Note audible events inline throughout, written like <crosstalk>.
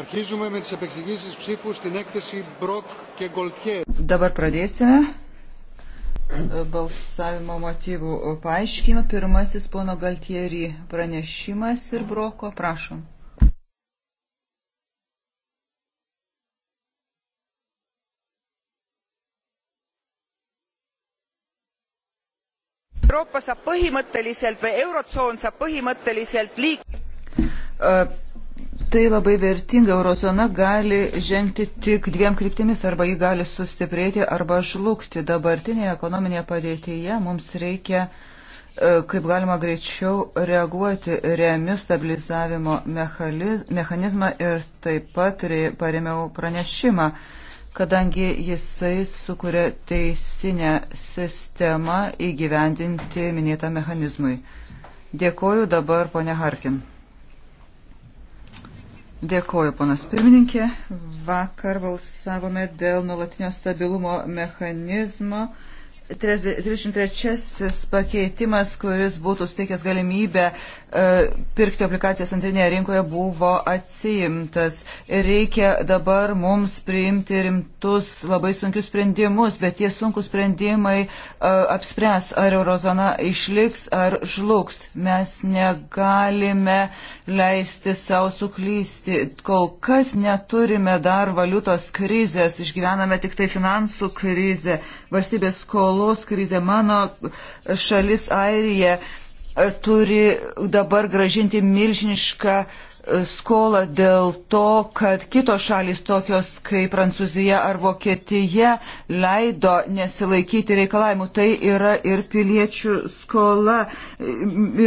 Αρχίζουμε με τις επεξηγήσεις ψήφου στην έκθεση Brock και Goldtier. Dabar pradėsime balsavimo motyvų paaiškinimą. Pirmasis pono Galtierį pranešimas ir Broko, prašom. Euroopa saab põhimõtteliselt või Eurotsoon saab põhimõtteliselt liik- uh, tai labai vertinga. Eurozona gali žengti tik dviem kryptimis arba ji gali sustiprėti arba žlugti. Dabartinėje ekonominėje padėtyje mums reikia e, kaip galima greičiau reaguoti remiu stabilizavimo mechanizmą ir taip pat paremiau pranešimą, kadangi jisai sukuria teisinę sistemą įgyvendinti minėtą mechanizmui. Dėkoju dabar, ponia Harkin. Dėkoju, ponas pirmininkė. Vakar balsavome dėl nuolatinio stabilumo mechanizmo. Uh, 33 pakeitimas, kuris būtų suteikęs galimybę e, pirkti obligacijas antrinėje rinkoje, buvo atsiimtas. Ir reikia dabar mums priimti rimtus, labai sunkius sprendimus, bet tie sunkus sprendimai e, apspręs, ar eurozona išliks, ar žlugs. Mes negalime leisti savo suklysti. Kol kas neturime dar valiutos krizės, išgyvename tik tai finansų krizę, valstybės skolų skolos krizę. Mano šalis Airija e, turi dabar gražinti milžinišką e, skolą dėl to, kad kitos šalis tokios kaip Prancūzija ar Vokietija leido nesilaikyti reikalavimų. Tai yra ir piliečių skola.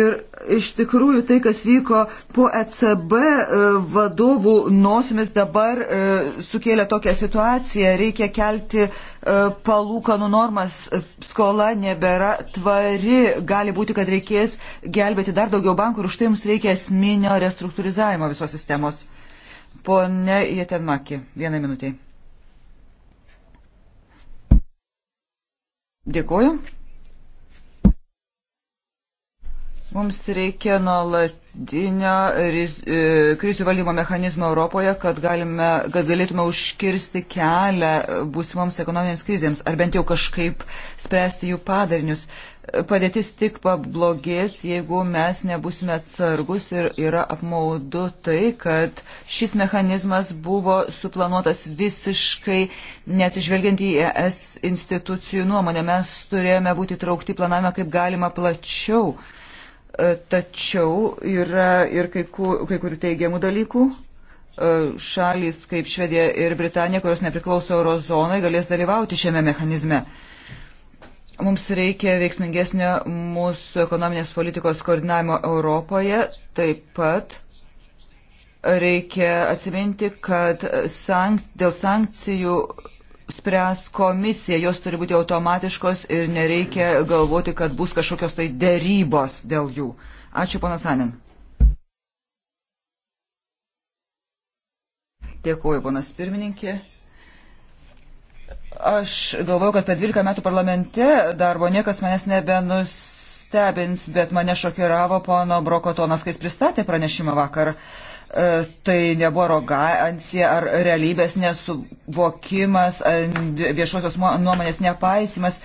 Ir iš tikrųjų tai, kas vyko po ECB e, vadovų nosimis dabar sukėlė tokią situaciją. Reikia kelti E, palūkanų normas, e, skola nebėra tvari, gali būti, kad reikės gelbėti dar daugiau bankų ir už tai jums reikia esminio restruktūrizavimo visos sistemos. Pone Jetenmaki, vieną minutį. Dėkuoju. Mums reikia nuolat dabartinio e, krizių valdymo mechanizmo Europoje, kad, galime, kad galėtume užkirsti kelią būsimoms ekonominėms krizėms, ar bent jau kažkaip spręsti jų padarinius. Padėtis tik pablogės, jeigu mes nebusime atsargus ir yra apmaudu tai, kad šis mechanizmas buvo suplanuotas visiškai neatsižvelgiant į ES institucijų nuomonę. Mes turėjome būti traukti planavime kaip galima plačiau E, tačiau yra ir kai, ku, kai kurių teigiamų dalykų. E, šalys kaip Švedija ir Britanija, kurios nepriklauso eurozonai, galės dalyvauti šiame mechanizme. Mums reikia veiksmingesnio mūsų ekonominės politikos koordinavimo Europoje. Taip pat reikia atsiminti, kad sank, dėl sankcijų spręs komisija, jos turi būti automatiškos ir nereikia galvoti, kad bus kažkokios tai dėrybos dėl jų. Ačiū, ponas Anin. Dėkuoju, ponas pirmininkė. Aš galvoju, kad per 12 metų parlamente darbo niekas manęs nebenustebins, bet mane šokiravo pono Brokotonas, kai jis pristatė pranešimą vakar. Uh, E, tai nebuvo arogancija ar realybės nesuvokimas ar viešosios nuomonės nepaisimas.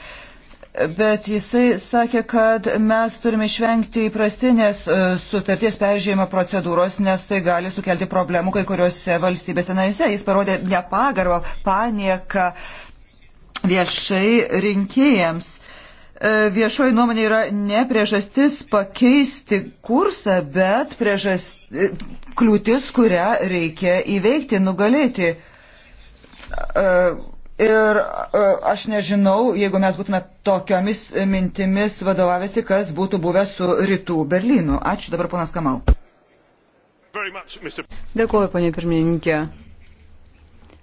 Bet jisai sakė, kad mes turime išvengti įprastinės e, sutarties peržiūrėjimo procedūros, nes tai gali sukelti problemų kai kuriuose valstybėse narise. Jis parodė nepagarbą, panieką viešai rinkėjams. E, viešoji nuomonė yra ne priežastis pakeisti kursą, bet priežast, e, kliūtis, kurią reikia įveikti, nugalėti. E, ir aš nežinau, jeigu mes būtume tokiomis mintimis vadovavęsi, kas būtų buvęs su rytų Berlynu. Ačiū dabar, ponas Kamal. Dėkuoju, ponė pirmininkė.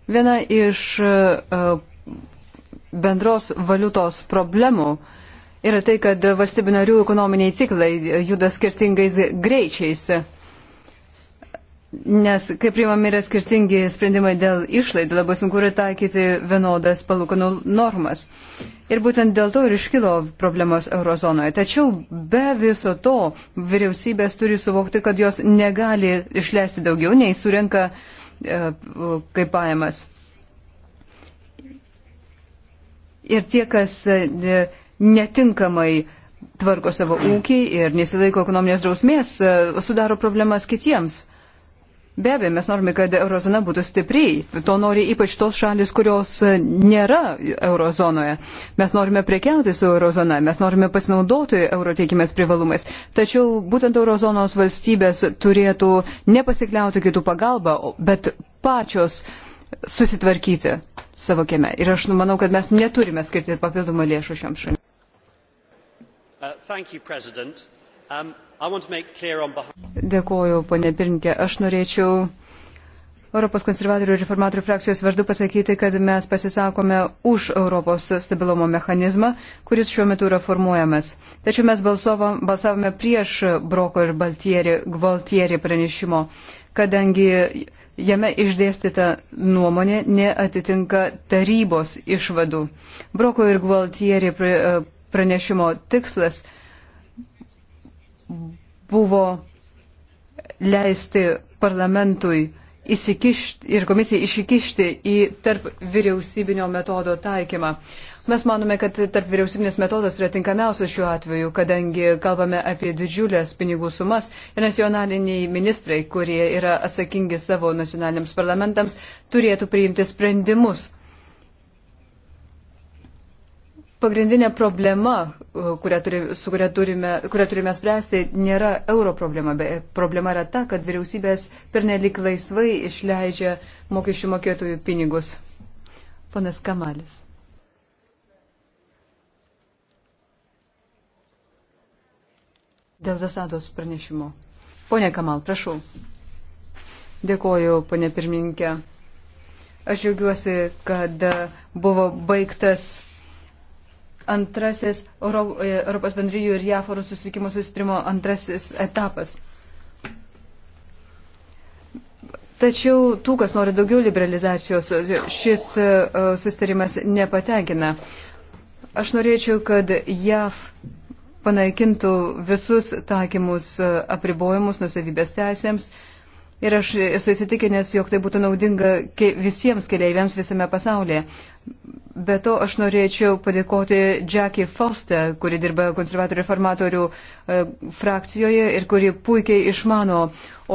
Viena iš bendros valiutos problemų uh, yra tai, kad valstybių narių ekonominiai ciklai juda skirtingais greičiais. Nes, kai priimami yra skirtingi sprendimai dėl išlaidų, labai sunku yra taikyti vienodas palūkanų normas. Ir būtent dėl to ir iškilo problemos eurozonoje. Tačiau be viso to vyriausybės turi suvokti, kad jos negali išleisti daugiau, nei surenka e, kaip pajamas. Ir tie, kas. E, netinkamai tvarko savo ūkį ir nesilaiko ekonominės drausmės, e, sudaro problemas kitiems. Be abejo, mes norime, kad eurozona būtų stipriai. To nori ypač tos šalis, kurios e, nėra eurozonoje. Mes norime prekiauti su eurozona, mes norime pasinaudoti euro teikimės privalumais. Tačiau būtent eurozonos valstybės turėtų nepasikliauti kitų pagalbą, bet pačios susitvarkyti savo kieme. Ir aš manau, kad mes neturime skirti papildomą lėšų šiam šalims. Uh, um, Dėkuoju, ponė Pirinkė. Aš norėčiau Europos konservatorių ir reformatorių frakcijos vardu pasakyti, kad mes pasisakome už Europos stabilumo mechanizmą, kuris šiuo metu yra formuojamas. Tačiau mes balsavome prieš Broko ir Gvaltieri pranešimo, kadangi jame išdėstyta nuomonė neatitinka tarybos išvadų. Broko ir Gvaltieri pr pranešimo tikslas buvo leisti parlamentui įsikišti ir komisijai įsikišti į tarp vyriausybinio metodo taikymą. Mes manome, kad tarp vyriausybinės metodas yra tinkamiausias šiuo atveju, kadangi kalbame apie didžiulės pinigų sumas ir nacionaliniai ministrai, kurie yra atsakingi savo nacionaliniams parlamentams, turėtų priimti sprendimus pagrindinė problema, e, kurią, turi, su kuria turime, kurią turime spręsti, nėra euro problema. Problema yra ta, kad vyriausybės pernelik laisvai išleidžia mokesčių mokėtojų pinigus. Ponas Kamalis. Dėl Zasados pranešimo. Pone Kamal, prašau. Dėkoju, ponė pirmininkė. Aš džiaugiuosi, kad buvo baigtas antrasis e, Europos bendryjų ir JAF orų susitikimo susitrimo antrasis etapas. Tačiau tų, kas nori daugiau liberalizacijos, šis e, susitarimas nepatenkina. Aš norėčiau, kad JAV panaikintų visus taikymus e, apribojimus nusavybės teisėms, uh, Ir aš esu įsitikinęs, jog tai būtų naudinga visiems keliaiviams visame pasaulyje. Be to aš norėčiau padėkoti Jackie Foster, kuri dirba konservatorių reformatorių e, frakcijoje ir kuri puikiai išmano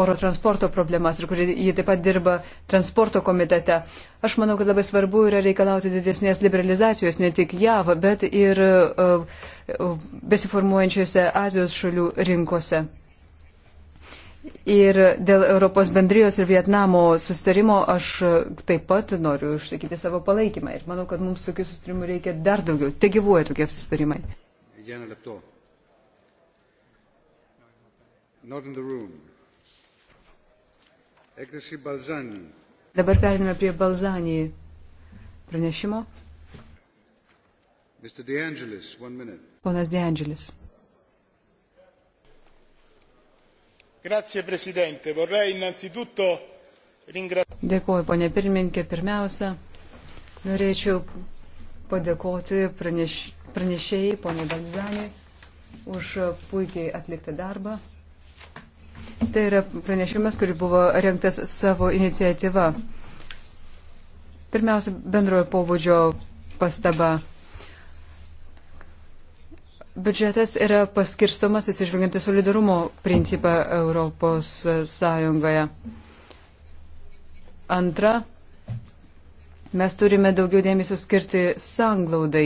oro transporto problemas ir kuri ji taip pat dirba transporto komitete. Aš manau, kad labai svarbu yra reikalauti didesnės liberalizacijos ne tik JAV, bet ir e, e besiformuojančiose Azijos šalių rinkose. Ir dėl Europos bendrijos ir Vietnamo sustarimo aš taip pat noriu išsakyti savo palaikymą. Ir manau, kad mums tokių sustarimų reikia dar daugiau. Te gyvuoja tokie sustarimai. Dabar perėmėme prie Balzanį pranešimo. Ponas De Angelis. Grazie, Presidente. Vorrei innanzitutto ringraziare. Dėkuoju, ponė pirmininkė. Pirmiausia, norėčiau padėkoti praneš... pranešėjai, ponė Balzanė, už puikiai atliktą darbą. Tai yra pranešimas, kuris buvo renktas savo iniciatyva. Pirmiausia, bendrojo pobūdžio pastaba biudžetas yra paskirstomas atsižvelgiant į solidarumo principą Europos Sąjungoje. Antra, mes turime daugiau dėmesio skirti sanglaudai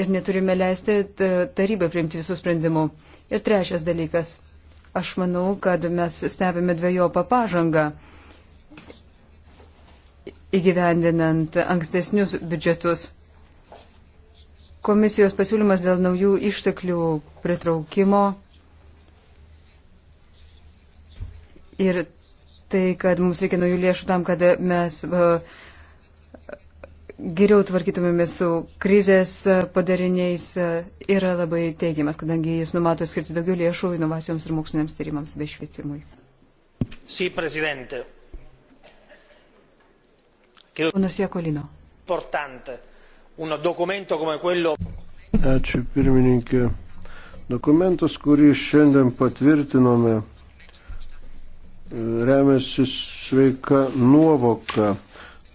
ir neturime leisti tarybai priimti visų sprendimų. Ir trečias dalykas, aš manau, kad mes stebime dviejopą pažangą įgyvendinant ankstesnius biudžetus. Komisijos pasiūlymas dėl naujų išteklių pritraukimo ir tai, kad mums reikia naujų lėšų tam, kad mes uh, geriau tvarkytumėme su krizės uh, padariniais, uh, yra labai teigiamas, kadangi jis numato skirti daugiau lėšų inovacijoms ir moksliniams tyrimams bei švietimui. Sì, Presidente. Ponas Jakolino. Importante un documento come quello. Ačiū pirmininkė. Dokumentas, kurį šiandien patvirtinome, e, remiasi sveika nuovoka.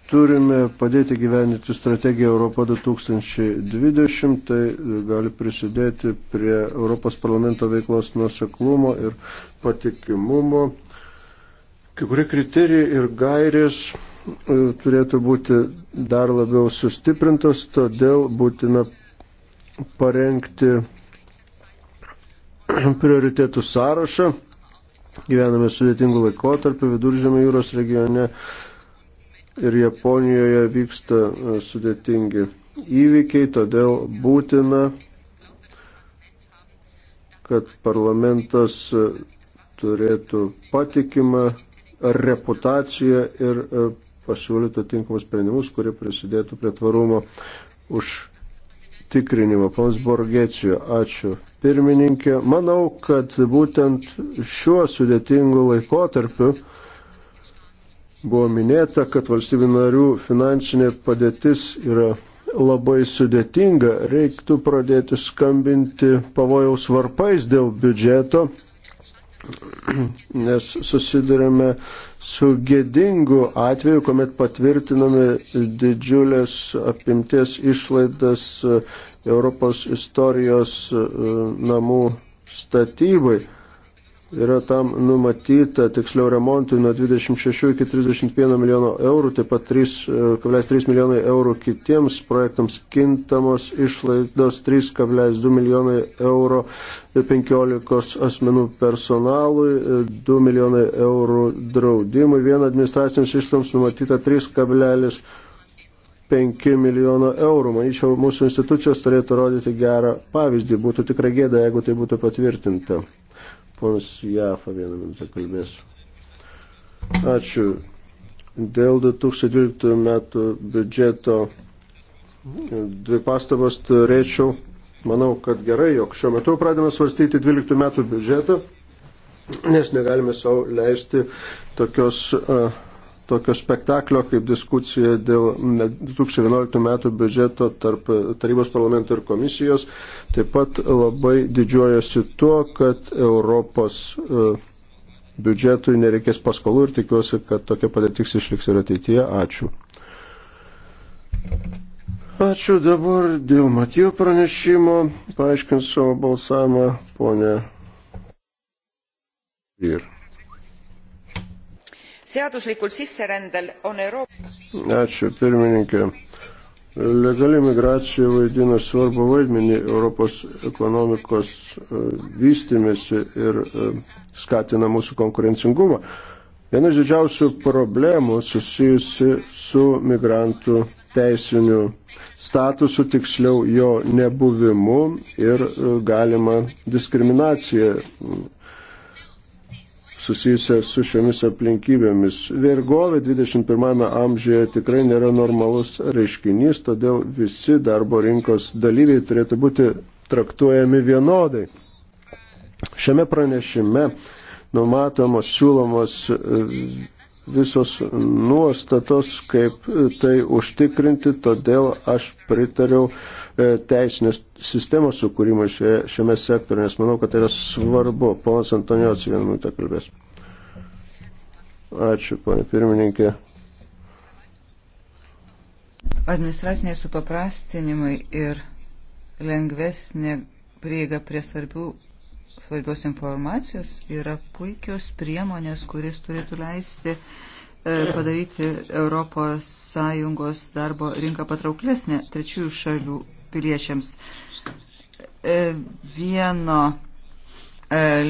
Turime padėti gyveninti strategiją Europą 2020, tai gali prisidėti prie Europos parlamento veiklos nuseklumo ir patikimumo. Kai kurie kriterijai ir gairės E, turėtų būti dar labiau sustiprintos, todėl būtina parengti <clears throat> prioritėtų sąrašą. Gyvename sudėtingų laikotarpių, viduržėmio jūros regione ir Japonijoje vyksta e, sudėtingi įvykiai, todėl būtina, kad parlamentas e, turėtų patikimą reputaciją ir pasiūlytų tinkamus sprendimus, kurie prisidėtų prie tvarumo užtikrinimo. Pons Borgėcijo, ačiū. Pirmininkė, manau, kad būtent šiuo sudėtingu laikotarpiu buvo minėta, kad valstybių narių finansinė padėtis yra labai sudėtinga. Reiktų pradėti skambinti pavojaus varpais dėl biudžeto <clears throat> nes susidurime su gėdingu atveju, kuomet patvirtiname didžiulės apimties išlaidas e, Europos istorijos e, namų statybai yra tam numatyta, tiksliau remontui nuo 26 iki 31 milijono eurų, taip pat 3,3 e, milijonai eurų kitiems projektams kintamos išlaidos 3,2 milijonai eurų ir 15 asmenų personalui, 2 e, milijonai eurų draudimui, vien administracinėms išlaidoms numatyta 3,5 milijono eurų. Manyčiau, mūsų institucijos turėtų rodyti gerą pavyzdį. Būtų tikrai gėda, jeigu tai būtų patvirtinta. Ponas Jafa vieną minutę kalbės. Ačiū. Dėl 2012 metų biudžeto dvi pastabas turėčiau. Manau, kad gerai, jog šiuo metu pradėme svarstyti 12 metų biudžetą, nes negalime savo leisti tokios uh, tokio spektaklio kaip diskusija dėl 2011 metų biudžeto tarp tarybos parlamento ir komisijos. Taip pat labai didžiuojasi tuo, kad Europos e, biudžetui nereikės paskolų ir tikiuosi, kad tokia padėtis išliks ir ateityje. Ačiū. Ačiū dabar dėl Matijo pranešimo. Paaiškins savo balsavimą, ponė. Ir seaduslikul sisserändel on Euroopa. ačiū pirmininkė. Legali migracija vaidina svarbu vaidmenį Europos ekonomikos e, vystimėsi ir e, skatina mūsų konkurencingumą. Viena iš didžiausių problemų susijusi su migrantų teisiniu statusu, tiksliau jo nebuvimu ir e, galima diskriminacija susijusią su šiomis aplinkybėmis. Vergovė 21 amžiuje tikrai nėra normalus reiškinys, todėl visi darbo rinkos dalyviai turėtų būti traktuojami vienodai. Šiame pranešime numatomos siūlomos visos nuostatos, kaip tai užtikrinti, todėl aš pritariau e, teisinės sistemos sukūrimui šiame sektoriu, nes manau, kad tai yra svarbu. Ponas Antonijos vieną minutę kalbės. Ačiū, ponė pirmininkė. Administraciniai supaprastinimai ir lengvesnė prieiga prie svarbių svarbios informacijos yra puikios priemonės, kuris turėtų leisti e, padaryti ES darbo rinką patrauklesnę trečiųjų šalių piliečiams. E, vieno e,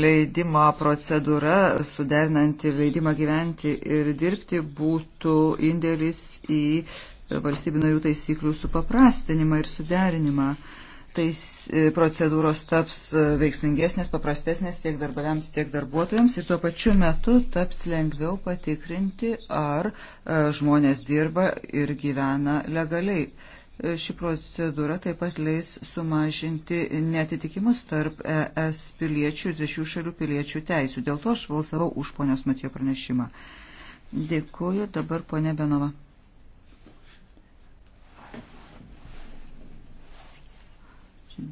leidimo procedūra, suderinanti leidimą gyventi ir dirbti, būtų indėlis į valstybių narių taisyklių supaprastinimą ir suderinimą. Uh, tais e, procedūros taps e, veiksmingesnės, paprastesnės tiek darbdaviams, tiek darbuotojams ir tuo pačiu metu taps lengviau patikrinti, ar e, žmonės dirba ir gyvena legaliai. Ši procedūra taip pat leis sumažinti netitikimus tarp ES piliečių ir trečių šalių piliečių teisų. Dėl to aš balsavau už ponios Matijo pranešimą. Dėkuoju dabar ponė Benova.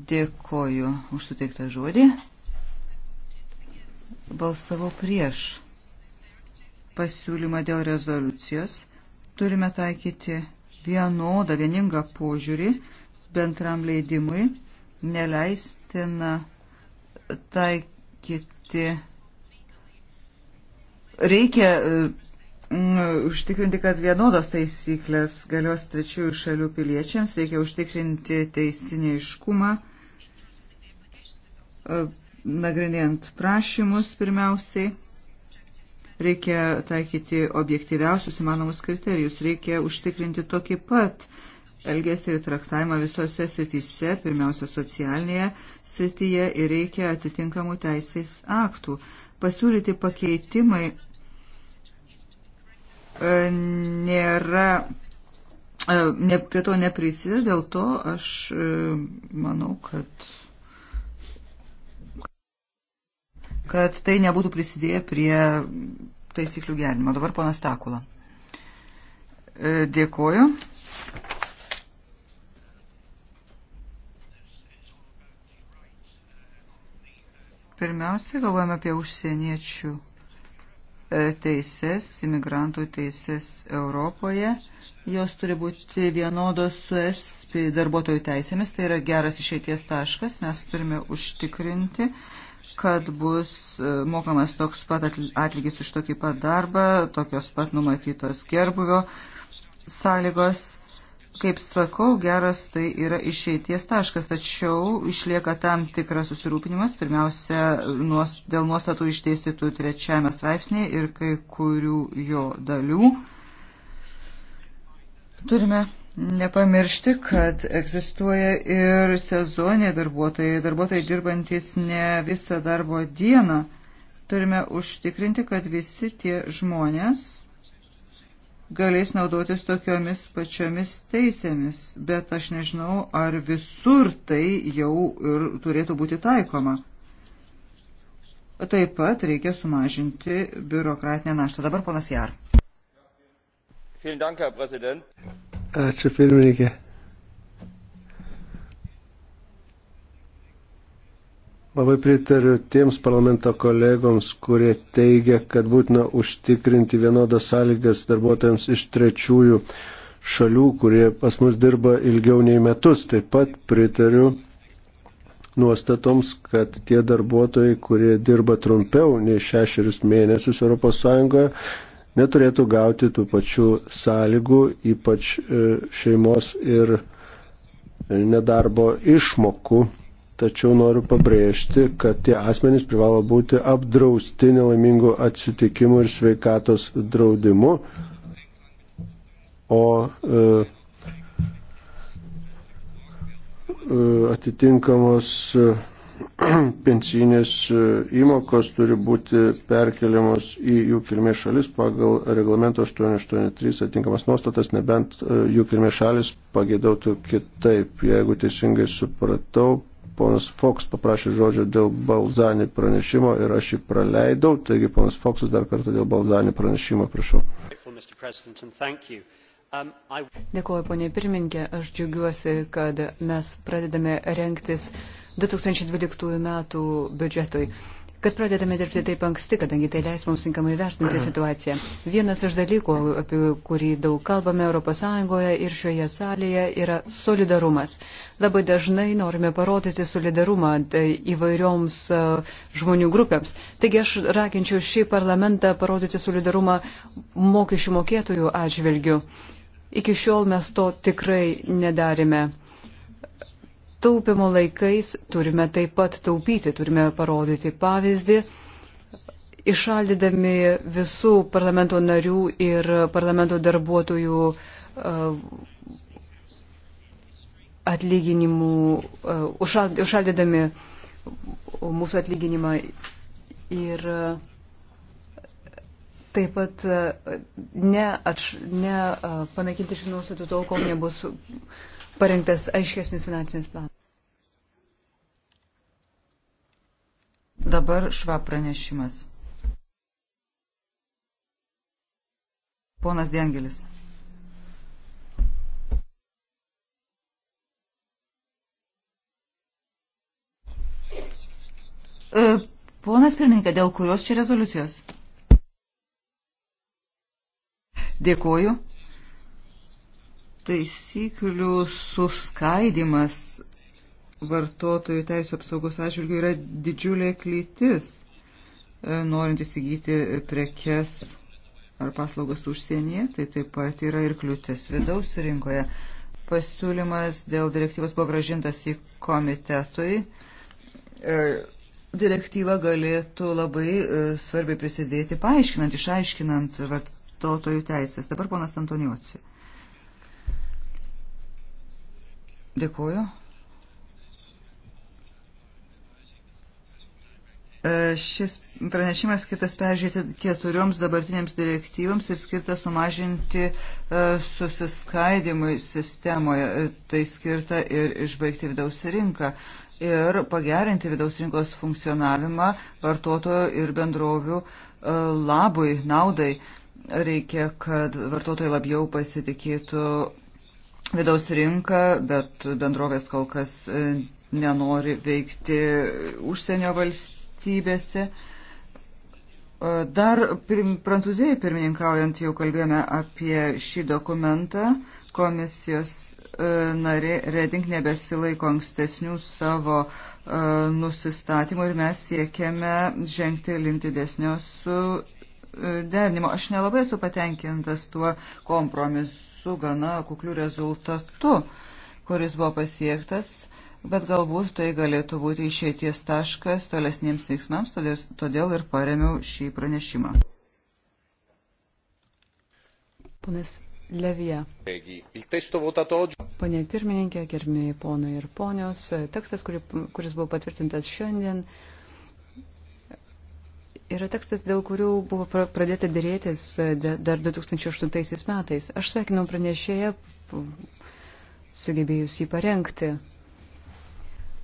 Dėkoju už suteiktą žodį. Balsavo prieš pasiūlymą dėl rezoliucijos. Turime taikyti vienodą, vieningą požiūrį bendram leidimui, neleistina taikyti. Reikia Mm, užtikrinti, kad vienodos taisyklės galios trečiųjų šalių piliečiams, reikia užtikrinti teisinį iškumą, e, nagrinėjant prašymus pirmiausiai, reikia taikyti objektyviausius įmanomus kriterijus, reikia užtikrinti tokį pat elgesį ir traktavimą visose srityse, pirmiausia socialinėje srityje ir reikia atitinkamų teisės aktų. Pasiūlyti pakeitimai E, nėra, e, ne, prie to neprisideda, dėl to aš e, manau, kad kad tai nebūtų prisidėję prie taisyklių gerinimo. Dabar ponas Takula. Dėkuoju. Pirmiausia, galvojame apie užsieniečių teises, imigrantų teises Europoje. Jos turi būti vienodos su es darbuotojų teisėmis, tai yra geras išeities taškas, mes turime užtikrinti kad bus e, mokamas toks pat atlygis už tokį pat darbą, tokios pat numatytos gerbuvio sąlygos Kaip sakau, geras tai yra išeities taškas, tačiau išlieka tam tikras susirūpinimas, pirmiausia, nuos, dėl nuostatų išteistytų trečiajame straipsnėje ir kai kurių jo dalių. Turime nepamiršti, kad egzistuoja ir sezoniniai darbuotojai, darbuotojai dirbantis ne visą darbo dieną. Turime užtikrinti, kad visi tie žmonės galės naudotis tokiomis pačiomis teisėmis, bet aš nežinau, ar visur tai jau ir turėtų būti taikoma. Taip pat reikia sumažinti biurokratinę naštą. Dabar ponas Jar. Ačiū pirmininkė. Labai pritariu tiems parlamento kolegoms, kurie teigia, kad būtina užtikrinti vienodas sąlygas darbuotojams iš trečiųjų šalių, kurie pas mus dirba ilgiau nei metus. Taip pat pritariu nuostatoms, kad tie darbuotojai, kurie dirba trumpiau nei šešerius mėnesius ES, neturėtų gauti tų pačių sąlygų, ypač e, šeimos ir nedarbo išmokų tačiau noriu pabrėžti, kad tie asmenys privalo būti apdrausti nelaimingų atsitikimų ir sveikatos draudimu, o e, e atitinkamos e, <clears throat> pensinės e, įmokos turi būti perkeliamos į jų kilmės šalis pagal reglamento 883 atinkamas nuostatas, nebent jų kilmės šalis pagėdautų kitaip. Jeigu teisingai supratau, Ponas Foks paprašė žodžio dėl Balzani pranešimo ir aš jį praleidau, taigi ponas Foksas dar kartą dėl Balzani pranešimo, prašau. Dėkuoju, ponė pirmininkė, aš džiaugiuosi, kad mes pradedame renktis 2012 metų biudžetui kad pradedame dirbti taip anksti, kadangi tai leis mums tinkamai vertinti situaciją. Vienas iš dalykų, apie kurį daug kalbame ES ir šioje salėje, yra solidarumas. Labai dažnai norime parodyti solidarumą tai įvairioms e, žmonių grupėms. Taigi aš raginčiau šį parlamentą parodyti solidarumą mokesčių mokėtojų atžvilgių. Iki šiol mes to tikrai nedarėme taupimo laikais turime taip pat taupyti, turime parodyti pavyzdį, išaldydami visų parlamento narių ir parlamento darbuotojų uh, atlyginimų, uh, užšaldydami mūsų atlyginimą ir uh, taip pat ne, atš, ne panaikinti šių nuostatų tol, kol nebus parengtas aiškesnis finansinis planas. Dabar šva pranešimas. Ponas Diengelis. E, ponas pirmininkė, dėl kurios čia rezoliucijos? Dėkoju. Taisyklių suskaidimas vartotojų teisų apsaugos atžvilgių yra didžiulė klytis, e, norint įsigyti prekes ar paslaugas užsienyje, tai taip pat yra ir kliūtis vidaus rinkoje. Pasiūlymas dėl direktyvos buvo gražintas į komitetui. E, Direktyva galėtų labai e, svarbiai prisidėti paaiškinant, išaiškinant vartotojų teisės. Dabar ponas Antonijoci. Dėkuoju. E, šis pranešimas skirtas peržiūrėti keturioms dabartinėms direktyvoms ir skirtas sumažinti e, susiskaidimui sistemoje. E, tai skirta ir išbaigti vidaus rinką ir pagerinti vidaus rinkos funkcionavimą vartotojo ir bendrovių labui, naudai. Reikia, kad vartotojai labiau pasitikėtų vidaus rinką, bet bendrovės kol kas nenori veikti užsienio valstybės valstybėse. E, dar prim, Prancūzijai pirmininkaujant jau kalbėjome apie šį dokumentą. Komisijos e, narė Reding nebesilaiko ankstesnių savo e, nusistatymų ir mes siekiame žengti link didesnio suderinimo. E, Aš nelabai esu patenkintas tuo kompromisu, gana kukliu rezultatu, kuris buvo pasiektas bet galbūt tai galėtų būti išeities taškas tolesniems veiksmams, todėl, todėl ir paremiau šį pranešimą. Ponas Levija. Pone pirmininkė, gerbėjai ponai ir ponios, tekstas, kuri, kuris buvo patvirtintas šiandien, yra tekstas, dėl kurių buvo pradėta dėrėtis e, dar 2008 metais. Aš sveikinau pranešėją sugebėjus jį parengti.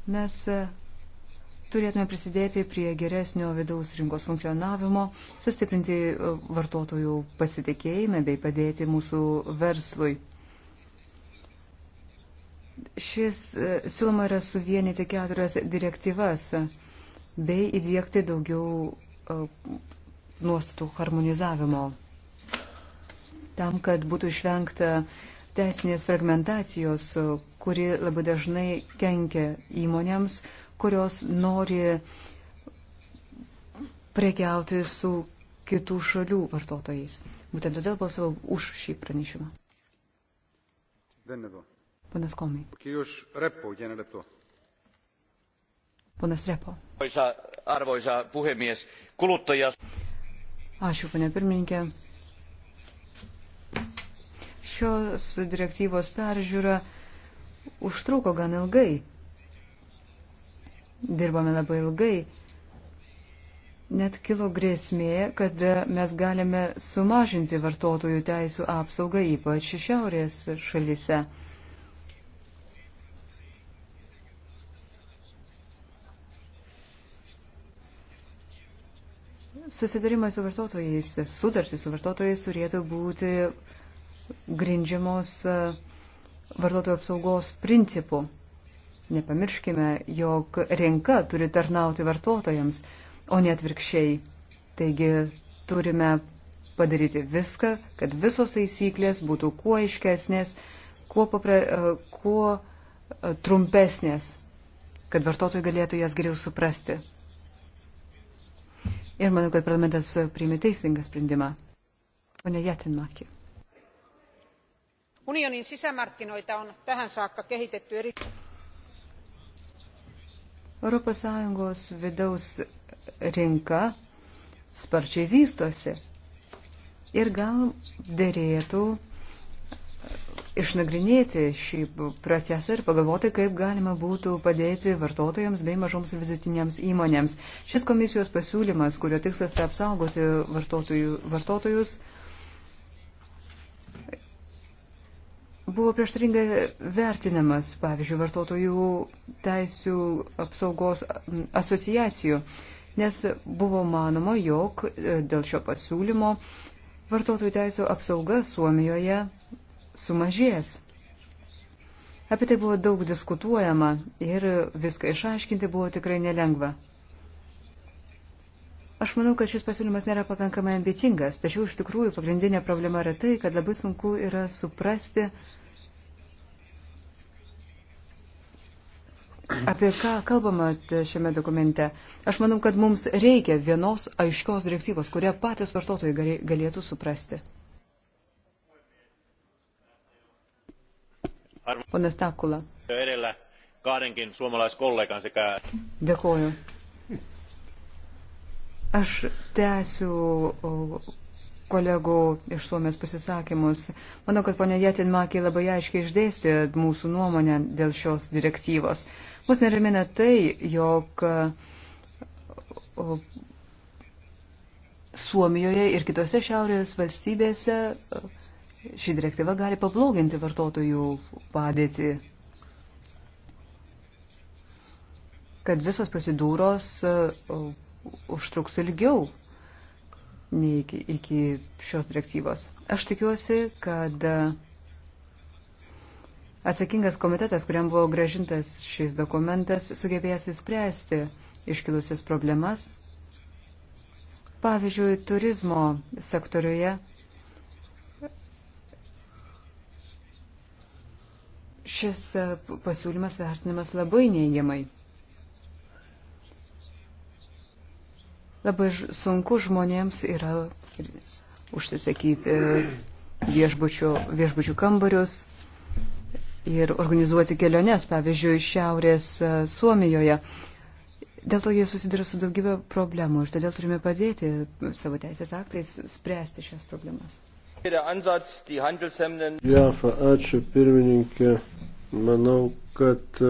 Mes e, turėtume prisidėti prie geresnio vidaus rinkos funkcionavimo, sustiprinti e, vartotojų pasitikėjimą bei padėti mūsų verslui. Šis e, siūloma yra suvienyti keturias direktyvas bei įdėkti daugiau nuostatų harmonizavimo tam, kad būtų išvengta uh, teisinės fragmentacijos, kuri labai dažnai kenkia įmonėms, kurios nori prekiauti su kitų šalių vartotojais. Būtent todėl balsavau už šį pranešimą. Ponas Komai. Ponas Repo. Arvoisa puhemies, kuluttaja. Ačiū, pane pirmininkė šios direktyvos peržiūra užtruko gan ilgai. Dirbame labai ilgai. Net kilo grėsmė, kad mes galime sumažinti vartotojų teisų apsaugą, ypač šiaurės šalyse. Susidarimas su vartotojais, sutartys su vartotojais turėtų būti grindžiamos e, vartotojų apsaugos principų. Nepamirškime, jog rinka turi tarnauti vartotojams, o ne atvirkščiai. Taigi turime padaryti viską, kad visos taisyklės būtų kuo aiškesnės, kuo, papra, e, kuo e, trumpesnės, kad vartotojai galėtų jas geriau suprasti. Ir manau, kad parlamentas priimė teisingą sprendimą. Pone Jatinmakė unionin sisämarkkinoita on tähän saakka kehitetty eri... Europos Sąjungos vidaus rinka sparčiai vystosi ir gal dėrėtų išnagrinėti šį procesą ir pagalvoti, kaip galima būtų padėti vartotojams bei mažoms ir vidutinėms įmonėms. Šis komisijos pasiūlymas, kurio tikslas yra apsaugoti vartotojų, vartotojus, buvo prieštaringai vertinamas, pavyzdžiui, vartotojų teisų apsaugos asociacijų, nes buvo manoma, jog e, dėl šio pasiūlymo vartotojų teisų apsauga Suomijoje sumažės. Apie tai buvo daug diskutuojama ir viską išaiškinti buvo tikrai nelengva. Aš manau, kad šis pasiūlymas nėra pakankamai ambicingas, tačiau iš tikrųjų pagrindinė problema yra tai, kad labai sunku yra suprasti, uh, Apie ką kalbama šiame dokumente? Aš manau, kad mums reikia vienos aiškios direktyvos, kurią patys vartotojai galėtų suprasti. Ponas Takula. Edellä kahdenkin suomalaiskollegan sekä... Dėkoju. Aš tęsiu kolegų iš Suomės pasisakymus. Manau, kad ponia Jatinmakė labai aiškiai išdėstė mūsų nuomonę dėl šios direktyvos. Mus neramina tai, jog Suomijoje ir kitose šiaurės valstybėse ši direktyva gali pabloginti vartotojų padėtį. Kad visos procedūros užtruks ilgiau nei iki, iki šios direktyvos. Aš tikiuosi, kad uh, Atsakingas komitetas, kuriam buvo gražintas šis dokumentas, sugebėjęs įspręsti iškilusias problemas. Pavyzdžiui, turizmo sektoriuje šis pasiūlymas vertinamas labai neigiamai. Labai sunku žmonėms yra užsisakyti viešbučių, viešbučių kambarius, ir organizuoti keliones, pavyzdžiui, Šiaurės e, Suomijoje. Dėl to jie susiduria su daugybė problemų ir todėl turime padėti e, savo teisės aktais spręsti šias problemas. JAF, ačiū pirmininkė. Manau, kad e,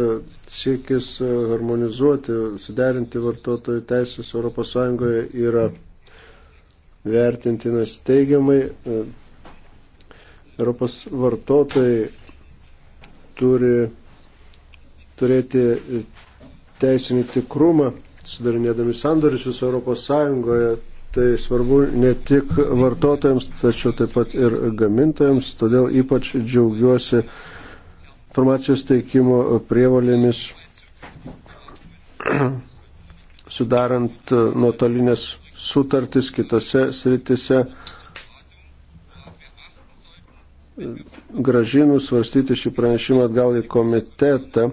siekis harmonizuoti, suderinti vartotojų teisės ES yra vertintinas teigiamai. Europos vartotojai turi turėti teisinį tikrumą, sudarinėdami sandorius viso Europos Sąjungoje. Tai svarbu ne tik vartotojams, tačiau taip pat ir gamintojams. Todėl ypač džiaugiuosi informacijos teikimo prievalėmis sudarant nuotolinės sutartis kitose sritise gražinus svarstyti šį pranešimą atgal į komitetą,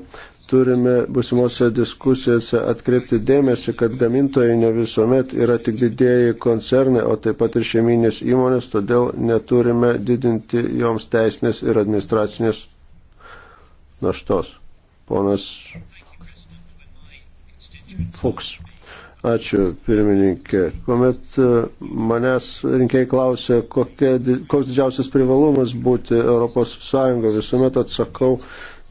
turime busimuose diskusijose atkreipti dėmesį, kad gamintojai ne visuomet yra tik didėjai koncernai, o taip pat ir šeiminės įmonės, todėl neturime didinti joms teisinės ir administracinės naštos. Ponas Fuchs. Ačiū, pirmininkė. Kuomet e, manęs rinkėjai klausė, kokie, koks didžiausias privalumas būti ES, visuomet atsakau,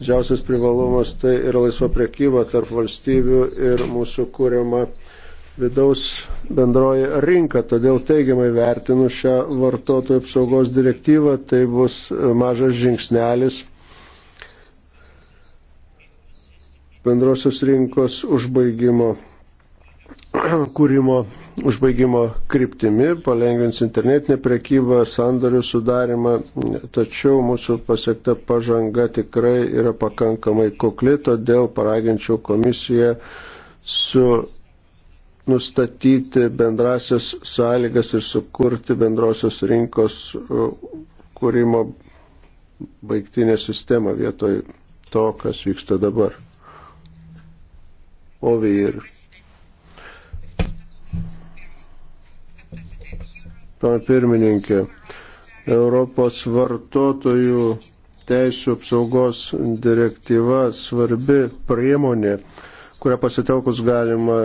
didžiausias privalumas tai yra laisva priekyba tarp valstybių ir mūsų kūriama vidaus bendroji rinka. Todėl teigiamai vertinu šią vartotojų apsaugos direktyvą, tai bus mažas žingsnelis bendrosios rinkos užbaigimo <clears throat> kūrimo užbaigimo kryptimi, palengvins internetinę prekybą, sandorių sudarimą, tačiau mūsų pasiekta pažanga tikrai yra pakankamai kukli, todėl paraginčiau komisiją su nustatyti bendrasias sąlygas ir sukurti bendrosios rinkos kūrimo baigtinę sistemą vietoj to, kas vyksta dabar. Ovi ir pana pirmininkė. Europos vartotojų teisų apsaugos direktyva svarbi priemonė, kurią pasitelkus galima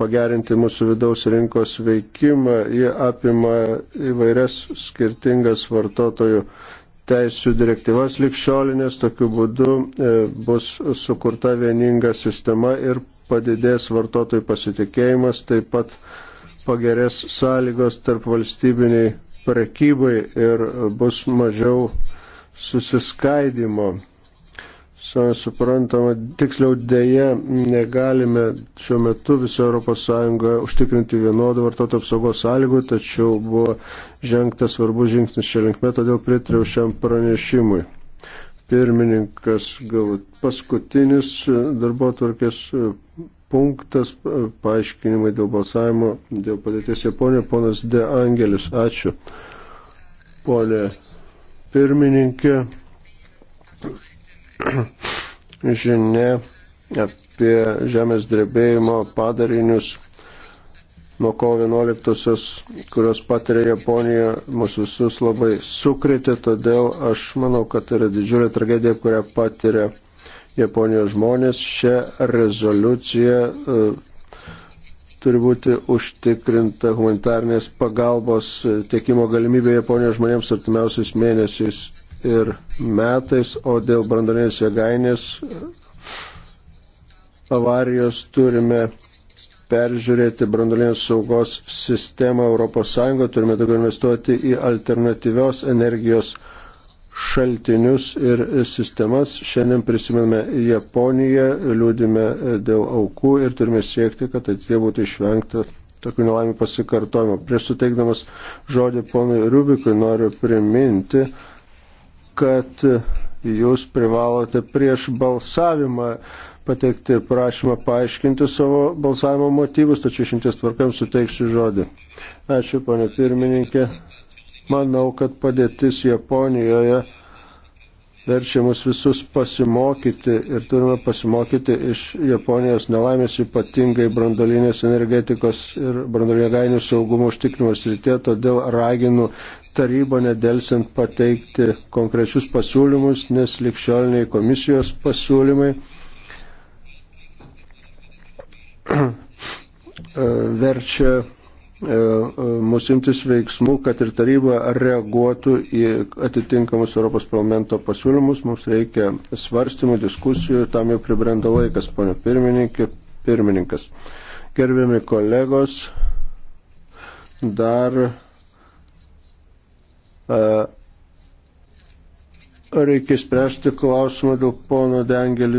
pagerinti mūsų vidaus rinkos veikimą. Ji apima įvairias skirtingas vartotojų teisų direktyvas likščiolinės. Tokiu būdu e, bus sukurta vieninga sistema ir padidės vartotojų pasitikėjimas, taip pat pagerės sąlygos tarp valstybiniai prekybai ir bus mažiau susiskaidimo. Savai suprantama, tiksliau dėje negalime šiuo metu viso ES užtikrinti vienodų vartotojų apsaugos sąlygų, tačiau buvo žengtas svarbus žingsnis šią linkmę, todėl pritariau šiam pranešimui. Pirmininkas, galbūt paskutinis darbo tvarkės punktas paaiškinimai dėl balsavimo, dėl padėties Japonijoje, ponas De Angelis. Ačiū. Pone pirmininkė, <clears throat> žinia apie žemės drebėjimo padarinius nuo kovo 11-osios, kurios patiria Japonija, mus visus labai sukrėtė, todėl aš manau, kad tai yra didžiulė tragedija, kurią patiria Japonijos žmonės. Šią rezoliuciją e, turi būti užtikrinta humanitarnės pagalbos e, tiekimo galimybė Japonijos žmonėms artimiausiais mėnesiais ir metais, o dėl brandalinės jėgainės e, avarijos turime peržiūrėti branduolinės saugos sistemą ES, turime daugiau investuoti į alternatyvios energijos šaltinius ir sistemas. Šiandien prisimename Japoniją, liūdime dėl aukų ir turime siekti, kad ateitie būtų išvengta tokių nelaimių pasikartojimų. Prieš suteikdamas žodį ponui Rubikui noriu priminti, kad jūs privalote prieš balsavimą pateikti prašymą paaiškinti savo balsavimo motyvus, tačiau šimties tvarkam suteiksiu žodį. Ačiū, ponė pirmininkė. Manau, kad padėtis Japonijoje verčia mus visus pasimokyti ir turime pasimokyti iš Japonijos nelaimės, ypatingai brandolinės energetikos ir brandolinio gainių saugumo užtikrimo srityje. Todėl raginu tarybą nedelsiant pateikti konkrečius pasiūlymus, nes likščioliniai komisijos pasiūlymai <clears throat> verčia E, e, mūsų imtis veiksmų, kad ir taryba reaguotų į atitinkamus Europos parlamento pasiūlymus. Mums reikia svarstymų, diskusijų, tam jau pribrenda laikas, ponio pirmininkė, pirmininkas. Gerbiami kolegos, dar a, e, reikia spręsti klausimą dėl pono Dengelis.